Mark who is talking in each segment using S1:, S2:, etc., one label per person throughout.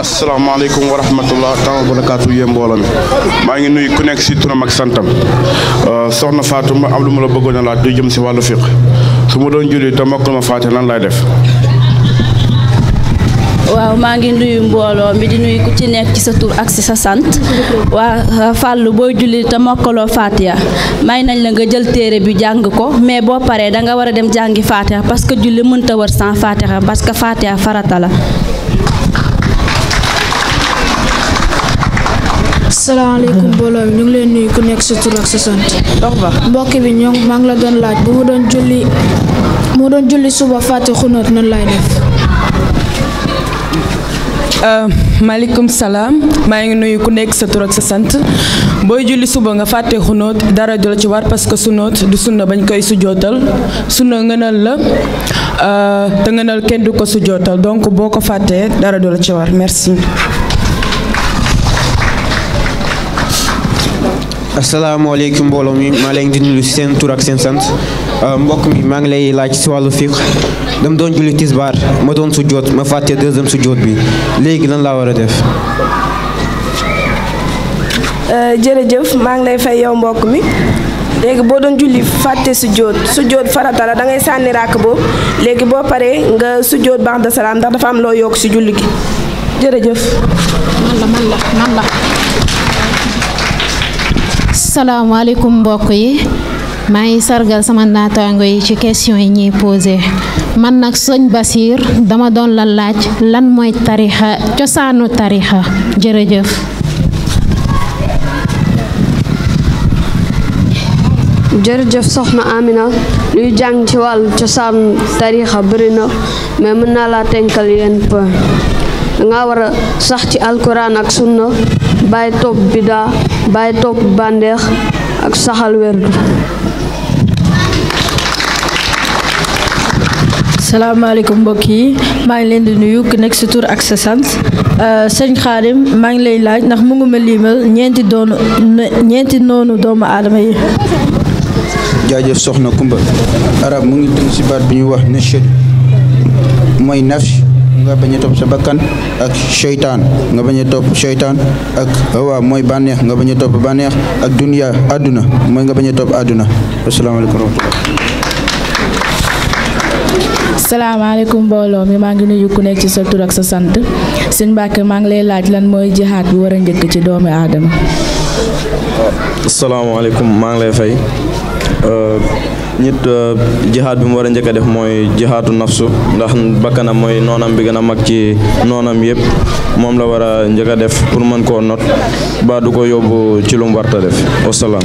S1: asalaamaaleykum wa rahmatullah taala wa barakaatu yéen mbooloo mi maa ngi nuyu ku nekk ci turam ak santam euh, soxna Fatou ma am lu ma la bëggoon a laaj du jëm si wàllu fiq su ma doon julli te mokkul ma fàtte maa ngi nuyu mbooloo mi di ku ci nekk ci sa tur ak ci sa sant waa euh, fàllu booy julli te mokkaloo faatiya may nañ la nga jël téere bi jàng ko mais boo paree danga war a dem jàngi faatiya parce que julli mënta wër sans faatiya parce que faatiya farata la salaamaaleykum mbooloo mi ñu ngi leen nuyu ku nekk sa tur ak sant. dox ba mbokk bi ñoom maa ngi la doon laaj bu doon julli mu doon julli suba fàtte xunóot nan laay euh, maaleykum salaam maa ngi nuyu ku nekk sa tur sa sant booy julli suba nga fàtte xunóot dara du la ci war parce que sunóot du sunna bañ koy sujootal sunna ngënal la euh, te ngënal kenn du ko sujootal donc boo ko fàttee dara du la ci war merci. asalaamaaleykum mbooloo mi maa leen di nuyu seen tur ak seen sant euh, mbokk mi maa ngi lay laaj si wàllu fiq dama doon julli tisbaar ma doon sujjóot ma fàtte deuxième sujjóot bi léegi lan laa war a def. Euh, jërëjëf maa ngi lay fay yow mbokk mi léegi boo doon julli fàtte sujjóot sujjóot farata la da ngay sànni ràkk boobu léegi boo paree nga sujjóot baax de salaam ndax dafa am loo yokk si julli gi asalaamaaleykum mbokk yi maa ngi sargal sama naataango yi ci question yi ñuy pose man nag sëñ Basir dama doon la laaj lan mooy tarixa cosaanu tarixa jërëjëf. jërëjëf soxna Amina luy jàng ci wàll cosaanu tarixa bëri na mais mën naa laa tenkal yenn point danga war sax ci alquran ak sunna bàyyi topp bida bàyyi bàndeex ak saxal werdu salaamaaleykum mbokk yi maa ngi leen di nuyu ku nekk si tur ak sa sant euh, sëñ Xaadim maa ngi lay laaj ndax mu ma liimal ñeenti noonu doomu aadama yi jaajëf soxna Kumba arab mu ngi dund si baat bi ñuy wax nashad mooy nafs nga bañ a bakkan ak seytaan nga bañ a topp seytaan ak mooy bànneex nga bañ a topp bànneex ak dunia àdduna mooy nga bañ a àdduna asalaamaaleykum mbooloo mi maa ngi nuyu ku nekk ci sa tur ak sa sant sëñ Mbàkke maa ngi lay laaj lan mooy jihaat bi war a njëkk ci doomi aadama salaamaaleykum maa lay fay euh, nit euh, jihaad bi mu war a njëkk def mooy jihaadu nafsu ndax bakkanam mooy noonam bi gën a mag ci noonam yëpp moom la war a njëkk def pour mën koo not ba du ko yóbbu ci lu warta def wasalaam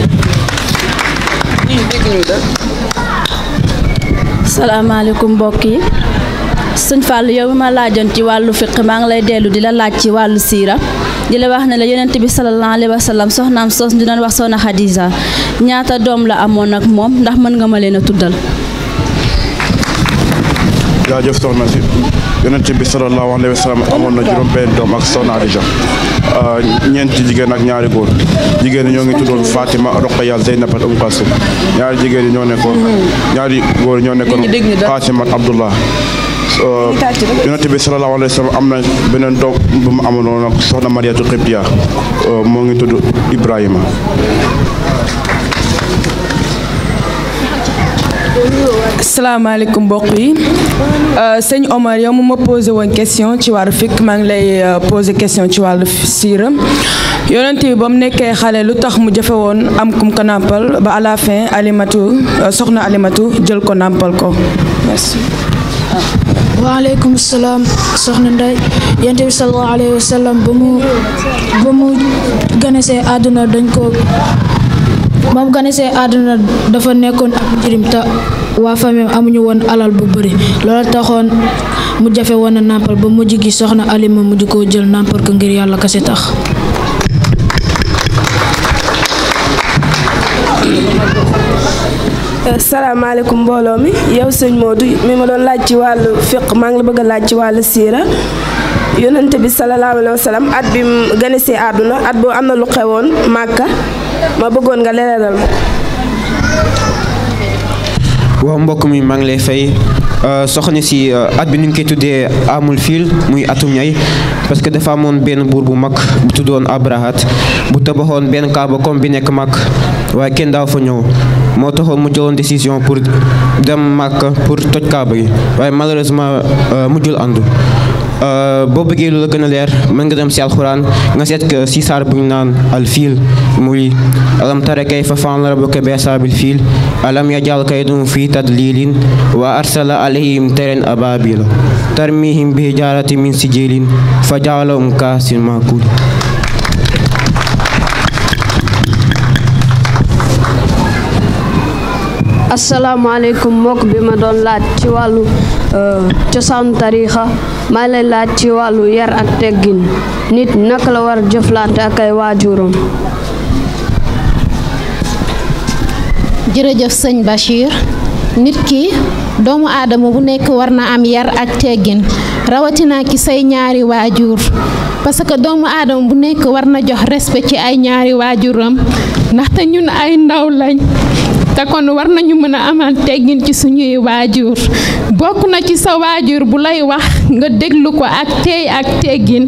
S1: sëñ Fall yow mi ma laajoon ci wàllu fiq maa ngi lay dellu di la laaj ci wàllu siira di la wax ne la yonent bi sallallahu alayhi wa sallam soxnaam soos di doon wax soxna Xadija ñaata doom la amoon ak moom ndax mën nga ma leen a tuddal. jaajëf soxna si yonent bi sallallahu alayhi wa sallam amoon na juróom-benn ak soxna Xadija ah, ñeenti jigéen ak ñaari góor jigéen ñoo ngi tuddoon Fatima Roqaya Zeynab ak Umu Kalsum ñaari jigéen ñoo nekkoon mm-hmm. ñaari góor ñoo nekkoon Fatima Abdullah yonent bi salallaahu alayhi wa am na beneen doom bu mu amoon nag soxna Mariatu Xibtiya euh, moo ngi tudd Ibrahima. salaamaaleykum mbokk yi euh, sëñ Omar yow mu ma posé woon question ci wàllu fiq maa ngi lay euh, posé question ci wàllu siira yonent bi ba mu nekkee xale lu tax mu jafe woon am kum ko nàmpal ba à la fin alimatu soxna alimatu jël ko nàmpal ko waaleykum salaam soxna Ndeye yonent bi sallallahu ba mu ba mu ganesee àdduna dañ ko ba mu ganesee àdduna dafa nekkoon ak njirim waa famille amuñu woon alal bu bëri loolu taxoon mu jafe woon a nàmpal ba mujj gi soxna Alima mujj koo jël nàmpal ko ngir yàlla kese tax salaamaaleykum mbooloo mi yow sëñ Modou mi ma doon laaj ci wàll fiq maa ngi la bëgg a laaj ci wàllu siira yonent bi salallaahu alayhi wa at bi mu àdduna at boo am na lu xewoon màkka ma bëggoon nga leeral ma ko waaw mbokk mi maa ngi lay fay euh, soxna si euh, at bi ñu ngi koy tuddee amul fiil muy atum ñay parce que dafa amoon benn buur bu mag bu tuddoon abrahat bu tabaxoon benn kaaba comme bi nekk mag waaye kenn daaw fa ñëw moo taxoon mu jëloon décision pour dem Màkka pour toj kaaba gi waaye malheureusement euh, mujjul àndu euh, boo bëggee lu la gën a leer mën nga dem si alxuraan nga seet si saar bu ñu naan alfiil muy alam tara kayfa fa'ala rabbuka bi asaabil fiil alam yaj'al kaydahum fi tadlilin wa arsala alayhim teren abaabila tarmihim bi hijaaratin min sijilin fa ja'alahum ka'san ma'kuul asalaamaaleykum mbokk bi ma doon laaj ci wàllu euh, cosaanu tariixa maa lay laaj ci wàllu yar ak teggin nit naka la war jëflante ak ay waajuram jërëjëf sëñ Bachir nit ki doomu aadama bu nekk war na am yar ak teggin rawatina ki say ñaari waajur parce que doomu aadama bu nekk war na jox respe ci ay ñaari waajuram ndaxte ñun ay ndaw lañ te kon war nañu mën a amal teggin ci suñuy waajur bokk na ci sa waajur bu lay wax nga déglu ko ak teey ak teggin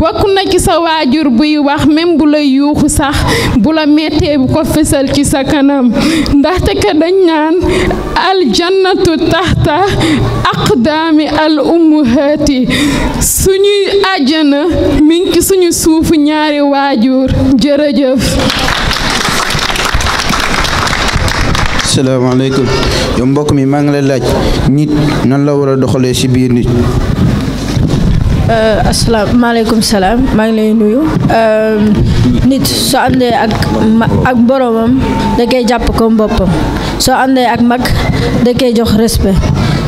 S1: bokk na ci sa waajur buy wax mem bu lay yuuxu sax bu la mettee bu ko fësal ci sa kanam ndaxte ka dañ naan al jannatu taxta aqdaami al ummuhaati suñuy àjjana mink suñu suufu ñaari waajur jërëjëf asalaamaaleykum mbokk mi maa ngi lay laaj nit nan la war a doxalee ci biir nit. Euh, asalaamaaleykum salaam maa ngi lay nuyu euh, nit soo àndee ak ak boroomam jàpp comme boppam soo àndee ak mag da jox respect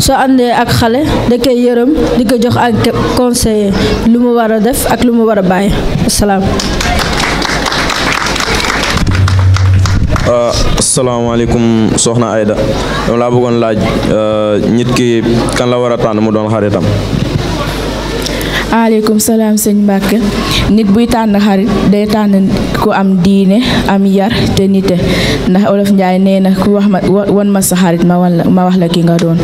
S1: soo àndee ak xale da koy yërëm di ko jox ak conseiller lu mu war a def ak lu mu war a bàyyi asalaam. Euh, salaamaaleykum soxna Aida dama laa bëggoon laaj euh, nit ki kan la war a mu doon xaritam. maaleykum salaam sëñ Mbacke nit buy tànn xarit day tànn ku am diine am yar te nite ndax olof Njaay nee na ku wax ma wa wan ma sa xarit ma wan ma wax la ki nga doon.